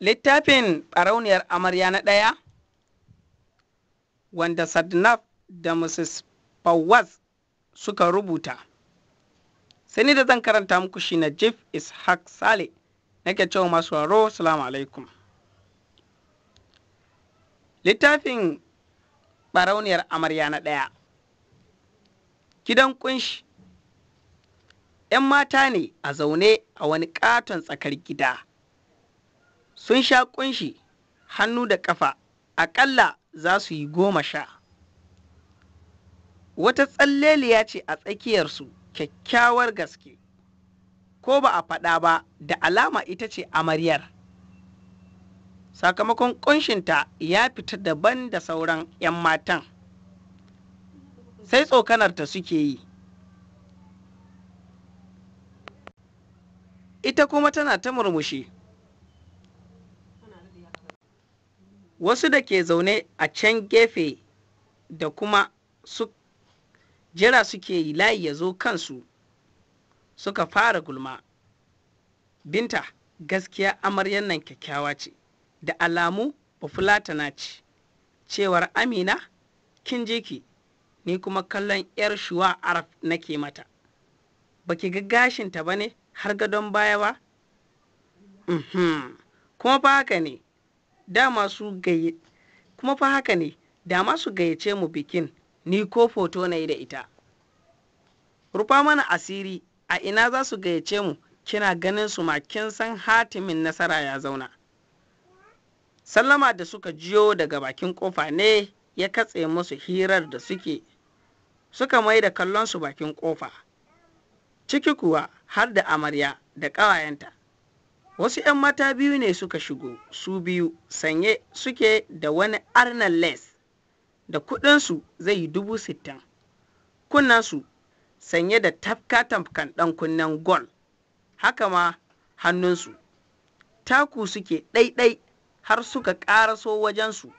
littafin ɓarauniyar amarya na ɗaya wanda sadnaf da mrs fawaz suka rubuta sai ni da zan karanta muku shi na jif ishaq sale nake cewa masu waro salamu alaikum littafin ɓarauniyar amarya na ɗaya gidan kunshi 'yan mata ne a zaune a wani katon tsakar gida sun sha kunshi hannu da ƙafa aƙalla za su yi goma sha wata tsalleliya ce a tsakiyarsu kyakkyawar gaske ko ba a faɗa ba da alama ita ce amaryar sakamakon ƙunshinta ya fita daban da sauran 'yan matan sai tsokanarta suke yi ita kuma tana ta murmushi wasu da ke zaune a can gefe da kuma su jira suke yi layi ya zo kansu suka fara gulma binta gaskiya amaryar nan kyakkyawa ce da alamu bafulatana ce cewar amina kin je ki ni kuma kallon yar shuwa arab nake mata baki ga gashinta ba ne har gadon baya ba uhm, kuma ba haka ne dama su gaye kuma fa haka ne dama su gayyace mu bikin ni ko foto na yi da ita rufa mana asiri a ina za su gayyace mu kina ganin su ma kin san hatimin nasara ya zauna sallama da suka jiyo daga bakin kofa ne ya katse musu hirar da suke suka mai da kallon su bakin kofa ciki kuwa har da amarya da ƙawayenta wasu 'yan mata biyu ne suka shigo su biyu sanye suke da wani arnan les da kudinsu zai yi dubu sittin kunnansu sanye da tafka tamkan dan kunnen gol haka ma hannunsu taku suke ɗaiɗai har suka ƙaraso wajensu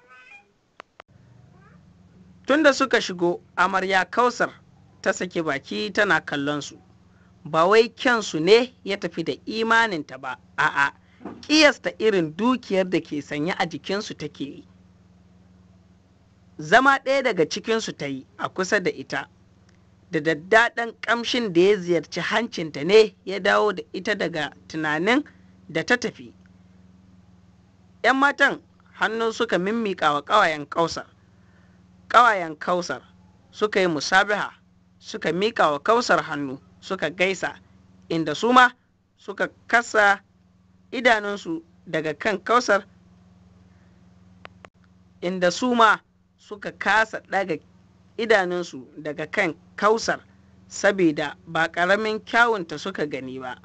tunda suka shigo amarya kausar ta sake baki tana kallonsu ba wai kyansu ne ya tafi da imaninta ba a'a ƙiyasta irin dukiyar da ke sanya a jikinsu take yi zama ɗaya daga cikinsu ta yi a kusa da ita da daddaɗan ƙamshin da ya ziyarci hancinta ne ya dawo da ita daga tunanin da ta tafi 'yan matan hannu suka mimmiƙa wa ƙawayen kausar ƙawayen kausar suka yi musabiha suka miƙa wa kausar hannu suka gaisa inda su ma suka kasa idanunsu daga kan kausar inda su ma suka kasa daga idanunsu daga kan kausar saboda ba ƙaramin kyawunta suka gani ba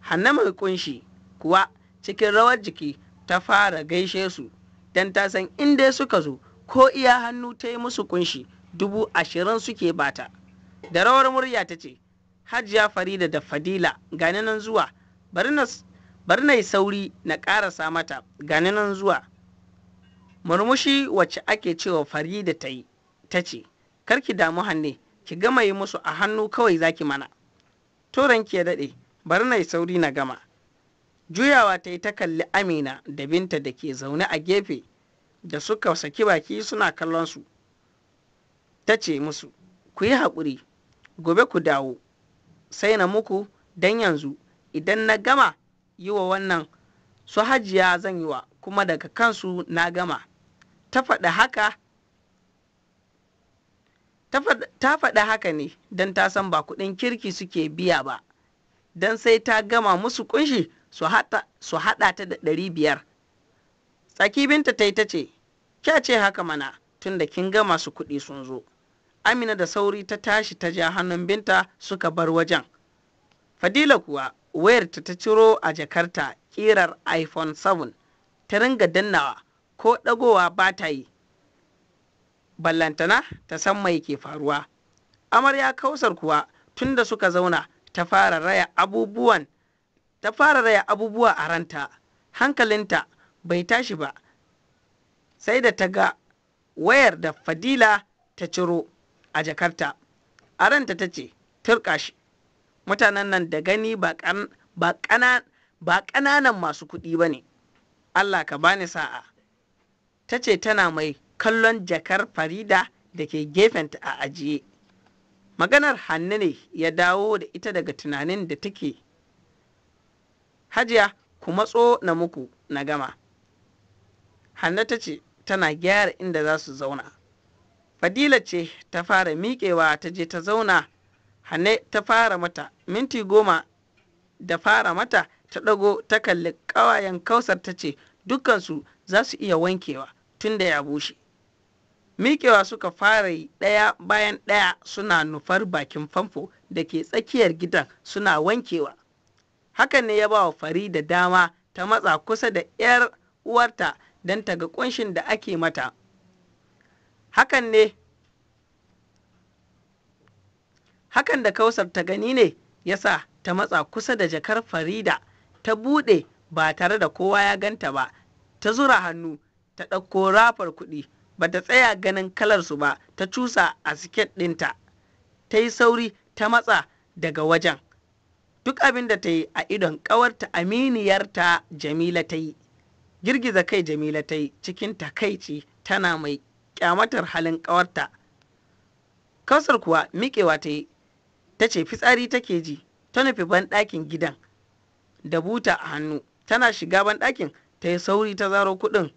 hannu mai kunshi kuwa cikin rawar jiki ta fara gaishe su don ta san inda suka zo ko iya hannu ta yi musu kunshi dubu ashirin suke bata da rawar murya ta ce hajiya farida da fadila gane nan zuwa bari na yi sauri na ƙarasa mata gane nan zuwa murmushi wacce ake cewa farida ta yi ta ce karki damu hanne ki gama yi musu a hannu kawai zaki mana turan ki ya daɗe bari na yi sauri na gama juyawa ta yi ta kalli amina da binta da ke zaune a gefe da suka saki baki suna kallon su ta ce musu ku yi haƙuri gobe ku dawo sai na muku don yanzu idan na gama yi wa wannan su hajiya zan yi wa kuma daga kansu na gama ta faɗi haka ne don ta san ba kuɗin kirki suke biya ba don sai ta gama musu kunshi su haɗa ta da ɗari biyar tsaki binta ta yi ta ce kya ce haka mana tun da kin gama su kuɗi sun zo amina da sauri ta tashi ta ja hannun binta suka bar wajen fadila kuwa wayarta ta ciro a jakarta kirar iphone 7 ta ringa dannawa ko ɗagowa ba ta yi ballantana ta san mai ke faruwa amarya kausar kuwa tunda suka zauna ta fara raya abubuwan ta fara raya abubuwa a ranta hankalinta bai tashi ba sai da ta ga wayar da fadila ta ciro a jakarta a ranta ta ce turka shi mutanen nan da gani ba ƙananan masu kuɗi ba ne allah ka bani sa'a ta ce tana mai kallon jakar farida da ke gefenta a ajiye maganar hannu ne ya dawo da ita daga tunanin da take hajiya ku matso na muku na gama hannu ta ce tana gyara inda za su zauna fadila ce ta fara miƙewa ta je ta zauna hane ta fara mata minti goma da fara mata ta ɗago ta kalli ƙawayen kausar ta ce dukkansu za su iya wankewa tun da ya bushe miƙewa suka fara yi ɗaya bayan ɗaya suna nufar bakin famfo da ke tsakiyar gidan suna wankewa hakan ne ya ba wa fari da dama ta matsa kusa da 'yar uwarta don ta ga ƙunshin da ake mata hakan ne hakan da kausar ta gani ne ya sa ta matsa kusa da jakar farida ta buɗe ba tare da kowa ya ganta ba ta zura hannu ta ɗauko rafar kuɗi ba ta tsaya ganin kalarsu ba ta cusa a siket ɗinta ta yi sauri ta matsa daga wajen duk abin da ta yi a idon ƙawarta aminiyarta jamila ta yi girgiza kai jamila ta yi cikin takaici tana mai kyamatar halin ƙawarta kausar kuwa miƙewa ta yi ta ce fitsari take ji ta nufi banɗakin gidan da buta a hannu tana shiga banɗakin ta yi sauri ta zaro kuɗin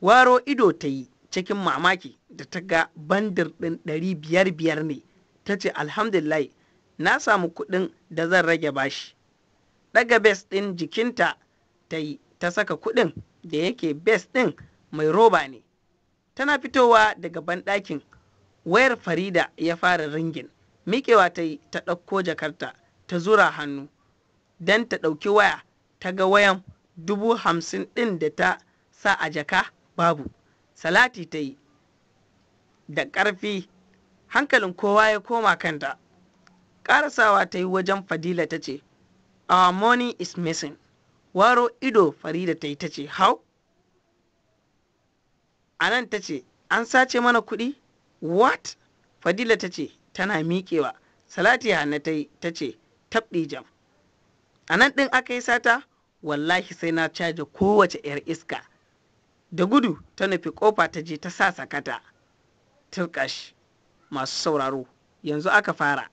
waro ido ta yi cikin mamaki da ta ga bandir ɗin ɗari biyar biyar ne ta ce alhamdulillah na samu kuɗin da zan rage bashi ɗaga bes ɗin jikinta ta yi ta saka kuɗin da yake bes ɗin mai roba ne tana fitowa daga banɗakin wayar farida ya fara ringin miƙewa ta yi ta ɗauko jakarta ta zura hannu don ta ɗauki waya ta ga wayan dubu hamsin ɗin da ta sa a jaka babu salati ta yi da ƙarfi hankalin kowa ya koma kanta ƙarasawa ta yi wajen fadila ta ce our money is missing waro ido farida ta yi ta ce how anan ta ce an sace mana kuɗi what fadila ta ce tana miƙewa salati hanna ta yi ta ce tabɗi jam a nan ɗin aka yi sata wallahi sai na caje kowace 'yar iska da gudu ta nufi ƙofa ta je ta sa sakata tilkash masu sauraro yanzu aka fara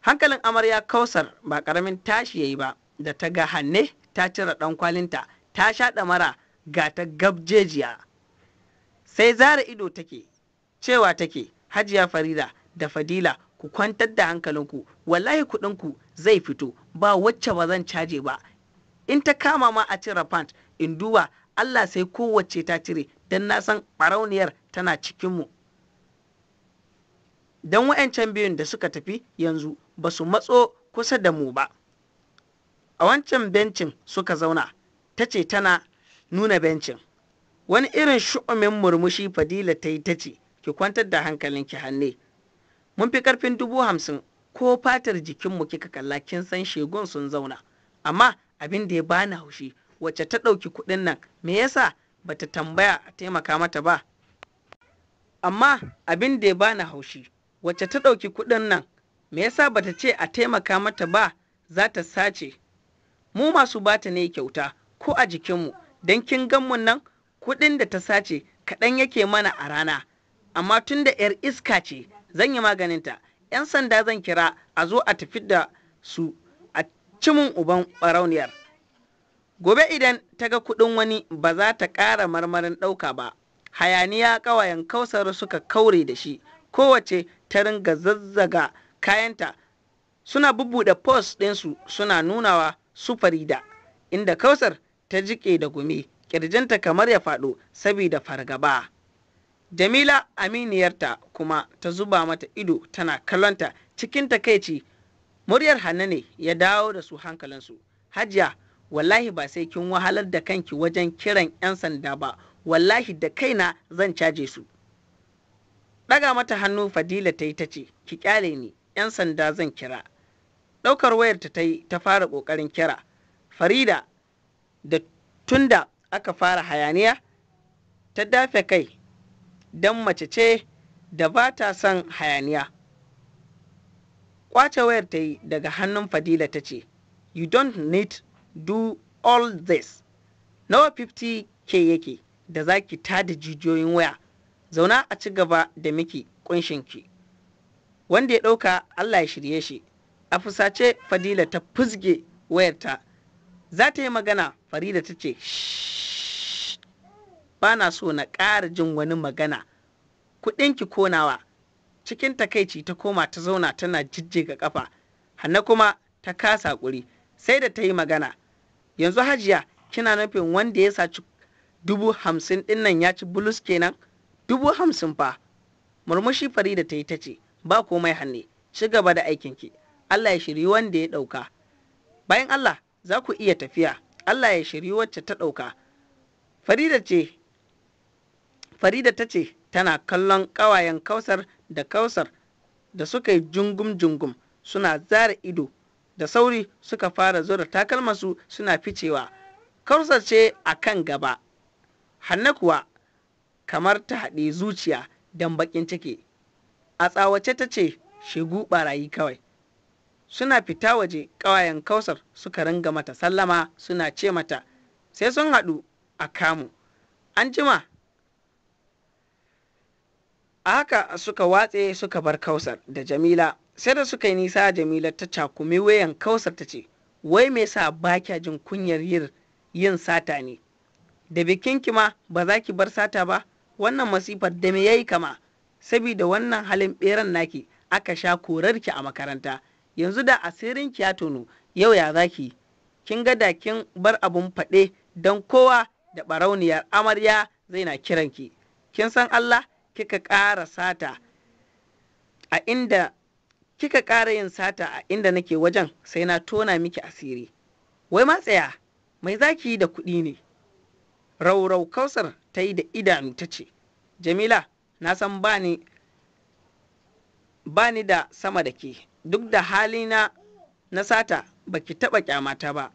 hankalin amarya kausar ba ƙaramin tashi ya yi ba da ta ga hanne ta cire ɗan kwalinta ta sha ɗamara ga ta gabjejiya sai zara ido take cewa take hajiya farida da fadila ku kwantar da hankalinku wallahi kudinku zai fito ba wacce ba zan caje ba in ta kama ma a cire pant in duba allah sai kowace ta cire don na san ɓarauniyar tana cikinmu don wa'yancan biyun da suka tafi yanzu ba su matso kusa da mu ba a wancan bencin suka zauna ta ce tana nuna bencin wani irin shu'umin murmushi fadila ta yi ta ce ki kwantar da hankalin ki hanne mun fi karfin dubu hamsin ko fatar jikinmu kika kalla kin san shegun sun zauna amma abin da ya bani haushi wacce ta ɗauki kuɗin nan me yasa bata tambaya a taimaka mata ba amma abin da ya bani haushi wacce ta ɗauki kuɗin nan me yasa bata ce a taimaka mata ba za ta sace mu masu bata ne kyauta ko a jikinmu don kin mu nan kuɗin da ta sace kaɗan yake mana a rana amma tun da 'yar iska ce zan yi maganinta 'yan sanda zan kira a zo a tafi da su a cimin uban barauniyar gobe idan ta ga kuɗin wani ba za ta ƙara marmarin ɗauka ba hayaniya ƙawayen kausar suka kaure da shi kowace ta ringa zazzaga kayanta suna bubbuɗe post ɗinsu suna nunawa su farida inda kausar ta jike da gumi ƙirjinta kamar ya faɗo sabida fargaba jamila aminiyarta kuma ta zuba mata ido tana kallonta cikin takaici muryar hannu ne ya dawo da su hankalinsu hajiya wallahi ba sai kin wahalar da kanki wajen kiran 'yan sanda ba wallahi da kaina zan caje su ɗaga mata hannu fadila ta yi ta ce ki kyale ni 'yan sanda zan kira ɗaukar wayarta ta yi ta fara ƙoƙarin kira farida da tunda aka fara hayaniya ta dafe kai don mace ce da ba ta son hayaniya kwace wayar ta yi daga hannun fadila ta ce you don't need do all this nawa 50 ke yake da za ki tada jijiyoyin waya zauna a ci gaba da miki ki. wanda ya ɗauka allah ya shirye shi a fusace fadila ta fuzge wayarta za ta yi magana farida ta ce ba na so na ƙara jin wani magana kuɗinki konawa cikin takaici ta koma ta zauna tana jijjiga ƙafa hanna kuma ta kasa ƙuri sai da ta yi magana yanzu hajiya kina nufin wanda ya saci dubu hamsin ɗinnan ya ci bulus kenan dubu hamsin fa murmushi farida ta yi ta ce ba komai hanne ci gaba da aikinki allah ya shiri wanda ya ɗauka bayan allah za ku iya tafiya Allah ya shiri wacce ta ɗauka farida ce farida ta ce tana kallon ƙawayen kausar da kausar da suka yi jungum-jungum suna zara ido da sauri suka fara zura takalmasu suna ficewa kausar ce a kan gaba hannu kuwa kamar ta haɗe zuciya don baƙin ciki a tsawace ta ce shigu barayi kawai suna fita waje ƙawayen kausar suka ringa mata sallama suna ce mata sai sun haɗu a kamu an jima a haka suka watse suka bar kausar da jamila sai da suka yi nisa jamila ta cakumi wayan kausar ta ce wai me sa ba kya jin kunyar yin sata ne da bikin ma ba za ki bar sata ba wannan masifar da me yayi kama sabida wannan halin beran naki aka sha korarki a makaranta yanzu da asirin ki ya tono yau ya zaki kin ga da kin bar abun faɗe don kowa da ɓarauniyar amarya zai na kiranki kin san Allah kika ƙara sata a inda kika ƙara yin sata a inda nake wajen sai na tona miki asiri wai ma tsaya mai zaki da kuɗi ne raurau kausar ta yi da idanu ta ce jamila na san bani bani da sama da ke duk da halina na sata baki taɓa kyamata ba.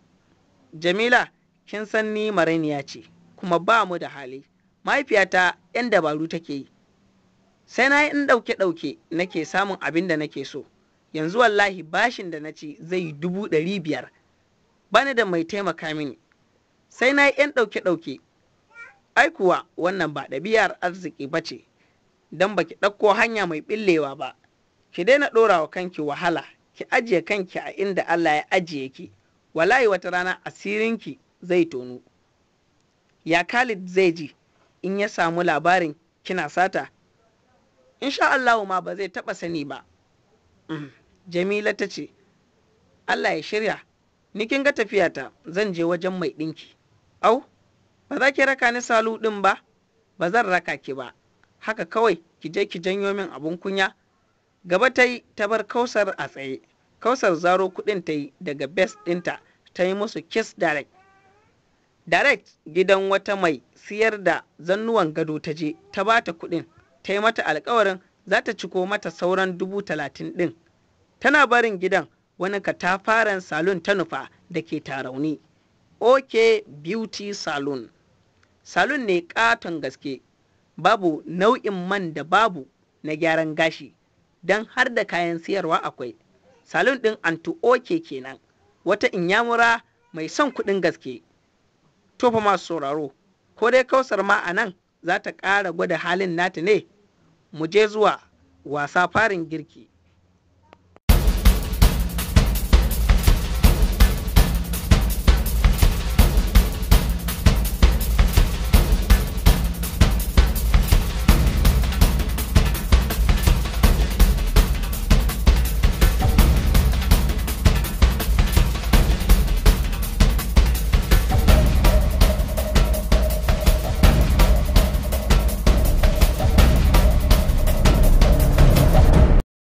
Jamila, kin san ni marainiya ce, kuma ba mu da hali. Mahaifiyata 'yan dabaru take yi. Sai na yi in ɗauke-ɗauke nake samun abin da nake so. Yanzu wallahi bashin da na ci zai yi dubu ɗari biyar. Bani da mai taimaka mini. Sai na yi 'yan ɗauke-ɗauke. Ai kuwa wannan ba ɗabi'ar arziki ba ce, don baki ɗauko hanya mai ɓillewa ba. ki daina ɗora wa kanki wahala ki ajiye kanki a inda Allah ya ajiye ki wallahi wata rana asirinki zai tonu ya Khalid zai ji in ya samu labarin kina sata insha Allah ma ba zai taɓa sani ba mm. Jamila ta ce Allah ya shirya ni kin ga tafiyata zan je wajen mai ɗinki au ba za ki raka ni salu ɗin ba ba zan raka ki ba haka kawai ki je ki janyo min abun kunya Gaba ta yi ta bar Kausar a tsaye. Kausar zaro kuɗin ta yi daga bes dinta ta yi musu kiss direct. Direct gidan wata mai siyar da zannuwan gado ta je ta ba ta kuɗin ta yi mata alkawarin za ta ciko mata sauran dubu talatin ɗin. Tana barin gidan wani katafaren salon ta nufa da ke tarauni. OK Beauty Salon. Salon ne katon gaske, babu nau'in man da babu na gyaran gashi. don har da kayan siyarwa akwai. Salon ɗin Antu Oke kenan, wata inyamura mai son kuɗin gaske. Tofa masu sauraro, ko dai kausar ma a nan za ta ƙara gwada halin nata ne, mu je zuwa wasa farin girki.